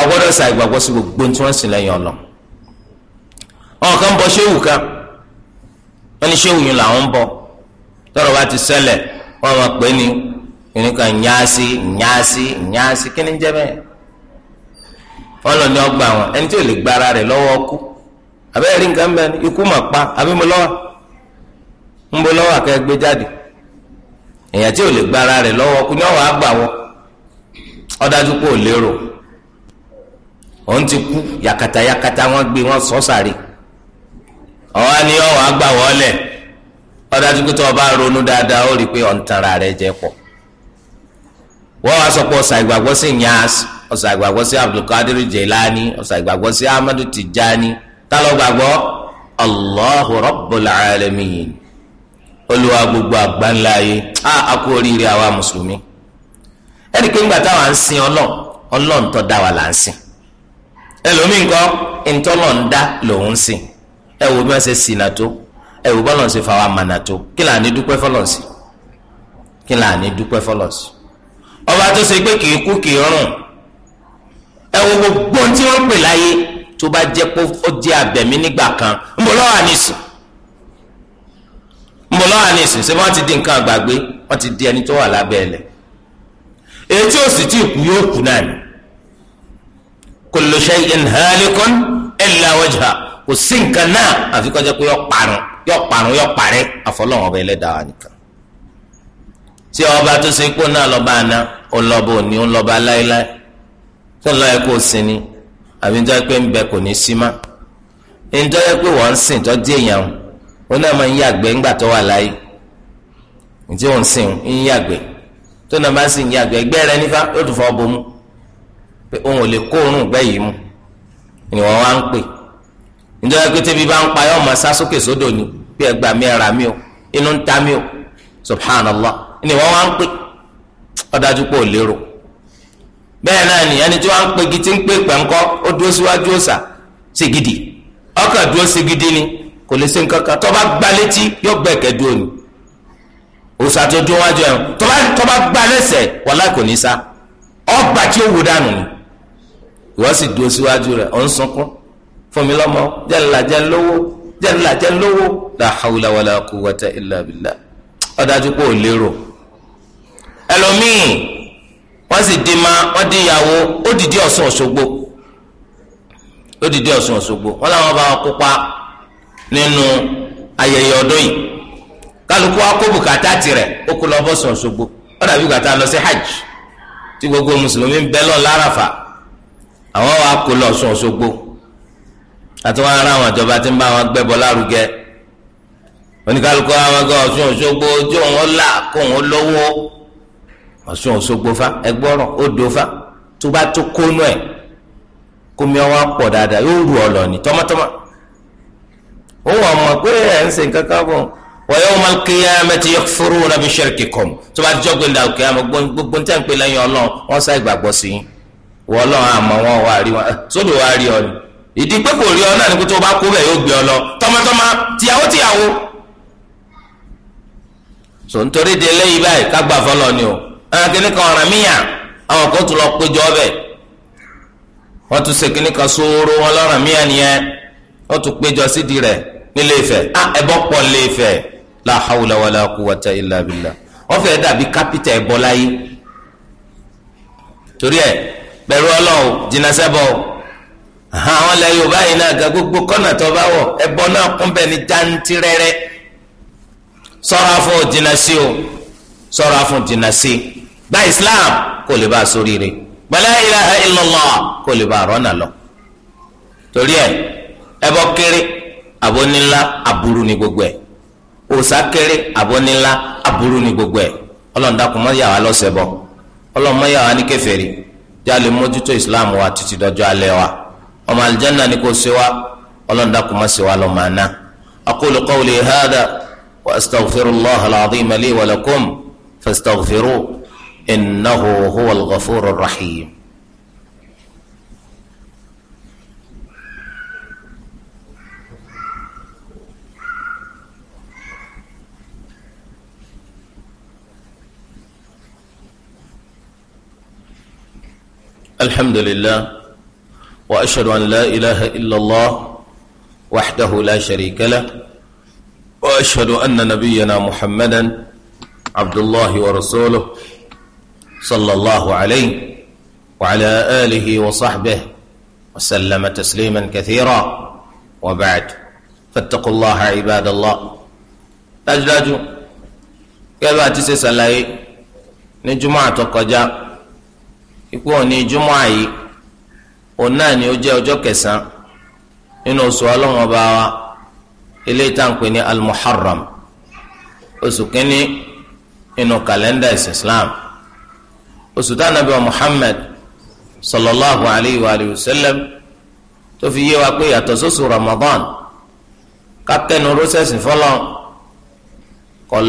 ọgbọ́dọ̀ sa ìgbàgbọ́ sí gbogbo tí wọ́n sì lẹ́yìn ọlọ ọ̀kan bọ ṣéwù kan wọ́n ṣéwù yìí làwọn ń bọ tọrọ bá ti sọlọ wọn máa pè ní nǹkan nyaasi nyaasi nyaasi kí ni wọn lọ ní ọgbà wọn ẹni tí o lè gba rẹ lọwọ lọ́wọ́ kú rí nǹkan bẹ́ẹ̀ ikú pa àbí mo lọ́wọ́ ń bo lọ́wọ́ jáde èèyàn tí lè gba lọ́wọ́ ní ọwọ́ àgbà wọn yakata yakata wọn gbé wọn ọwọ́ àgbà ọdájú pé tó o ronú dáadáa ó rí i pé ọ̀ ń rẹ wọ́n wá sọ pé ọ̀sà ìgbàgbọ́ sí Nyas ọ̀sà ìgbàgbọ́ sí Abdulkadir Jelani ọ̀sà ìgbàgbọ́ sí Ahmadu Tijani gbàgbọ́ Allahu Rabbul Alamin gbogbo àgbáńlá a oríire àwa mùsùlùmí ẹnì pé ńgbà táwa ń sin wa là ń ń ẹ̀rù bọ́lọ̀ sí fa wa mànà tó kí là ní dúpẹ́ fọlọ̀ sí kí là ní dúpẹ́ fọlọ̀ sí. ọba tó ṣe pé kìí kú kìí rùn ẹ̀wọ̀n gbogbo tí wọ́n pè láyé tó bá jẹ́ pé ó jẹ́ abẹ̀mí nígbà kan ńbọ̀lọ́wà nìsín ńbọ̀lọ́wà nìsín ṣé wọ́n ti di nǹkan àgbàgbé wọ́n ti di ẹni tó wà lábẹ́ ẹlẹ̀ èyí tí ó sì tí kú yóò kú náà ni kullu shay'in halikun illa wajha kò sí nǹkan náà àfikọ́jẹ́ pé ó parun yọ parun yọ parẹ́ àfọlọ́wọn ọba ẹlẹ́dàá nìkan tí ọba tó ṣe kó náà lọ́ba àná ọlọ́ba òní ọlọ́ba láéláé tó ń lọ ẹ̀kọ́ òsìn ni àbí ń jẹ́ pé ń bẹ kò ní sí má ń jẹ́ pé wọ́n ń sìn tó dé èèyàn ó náà máa ń yàgbẹ́ ńgbà tó wà láyé ǹjẹ́ òun sìn ń yàgbẹ́ tó náà bá sì ń yàgbẹ́ ẹgbẹ́ rẹ nífà ó tún fọ́ bomú pé òun ò lè kó òórùn yìí mu ni wọ́n ń pè pé tẹ́bí bá ń pa sá sókè sódò ni pé ẹgbàá mi ara mi o inú ń ta mi o subhanallah ni wọ́n wá ń pè ọ̀dájú pé ò lérò bẹ́ẹ̀ náà ni ẹni tí wọ́n ń pè gidi ń pè pẹ̀ńkọ́ ó dúró síwájú òòsà ṣègidì ọkàn dúró ṣègidì ni kò lè ṣe nǹkan kan tó bá létí yóò gbẹ̀kẹ́ dúró ni òòsà tó dúró wájú ẹ̀hún tó bá gbá lẹ́sẹ̀ wàláhì kò ní sá ọgbà tí ó wò dànù ni ìwọ́n sì dúró síwájú rẹ̀ ọ̀ ń sunkún fún mi lọ́mọ jẹ́ ńlá jẹ́ ńlówó jẹ́nula jẹ́ lówó la hawla wala quwwata illa billah ọ̀dájú pé ò lérò ẹlòmíì wọ́n sì di ma wọ́n di ìyàwó ó dìde Ọ̀ṣun Òṣogbo ó dìde Ọ̀ṣun Òṣogbo wọ́n làwọn bá wọn kópa nínú ayẹyẹ ọdún yìí kálukú akó bùkátà tirẹ̀ ó kó lọ bọ́ Òṣogbo ó dàbí bùkátà lọ sí hajj tí gbogbo mùsùlùmí ń bẹ́ lọ láràfà àwọn wa kó lọ Ọ̀ṣun Òṣogbo àti wọn ará àwọn ìjọba tí ń bá wọn gbẹbọ lárugẹ oníkálukú àwọn gan Ọ̀ṣun Òṣogbo ojú òun là kó òun lówó Ọ̀ṣun Òṣogbo fa ẹgbọràn odò fa tó bá tó kónú ẹ kómi ọwọ pọ dáadáa yóò rú ọlọ ní tọmọtọmọ òun ọmọ pé ẹ ń ṣe nǹkan kan bọ wa yawmal qiyamati yakfuruna bi shirkikum tó bá jọ gbẹndà òkè àmọ́ gbogbo ń tẹ́ lẹ́yìn Ọlọ́run wọ́n sá ìgbàgbọ́ sí i wọ́n Ọlọ́run àmọ́ wọn wà rí wọn sódò wà rí ọ ni. ìdí pé kò rí ọ náà ní kó tó bá kó bẹ̀ yóò gbé ọ lọ tọmọtọmọ tìyàwó tìyàwó. sọ nítorí di eléyìí báyìí ká fọlọ ni o àwọn akíní kan ọ̀ràn míyàn àwọn kan lọ péjọ ọbẹ̀ wọ́n tún ṣe kíní kan sóró wọn lọ́ràn nìyẹn wọ́n tún péjọ rẹ̀ nílé a ah, pọ̀ nílé wọ́n dàbí kápítà láyé torí bẹ̀rù àwọn ilẹ̀ yorùbá yìí náà ga gbogbo kọ́nà tó bá wọ̀ náà kún bẹ́ẹ̀ sọ́ra fún òjìnà sí o sọ́ra fún òjìnà sí gba islam kò lè bá a sórí rẹ̀ gbala ilaha kò lè bá a rọ́nà lọ torí ẹ ẹbọ kéré ni gbogbo ẹ òòsà kéré islam wa títí alẹ́ wa. ọmọ alijanna ni kò sewa ọlọ́run dàkú má sewa lọ́ máa ná. aqulu qawli hada wa astaghfirullah al mali li wa fa fastaghfiruhu innahu huwa al-ghafur ar-rahim. الحمد لله وأشهد أن لا إله إلا الله وحده لا شريك له وأشهد أن نبينا محمدا عبد الله ورسوله صلى الله عليه وعلى آله وصحبه وسلم تسليما كثيرا وبعد فاتقوا الله عباد الله dájúdájú كيف ti الله ṣàlàyé ní jùmọ̀ àtọkọjá òun náà ni ó jẹ́ ọjọ́ kẹsàn-án nínú oṣù ọlọ́run ọba wa eléyìí tá à ń pè ní al-muharram oṣù kínní nínú kàlẹ́ndà islam oṣù tá wa muhammad sallallahu alayhi wa alihi wa sallam tó fi yé wa pé yàtọ̀ sóṣù ramadan kákẹ́nu rọ́ṣẹ̀sì fọlọ́n kọ̀lọ́.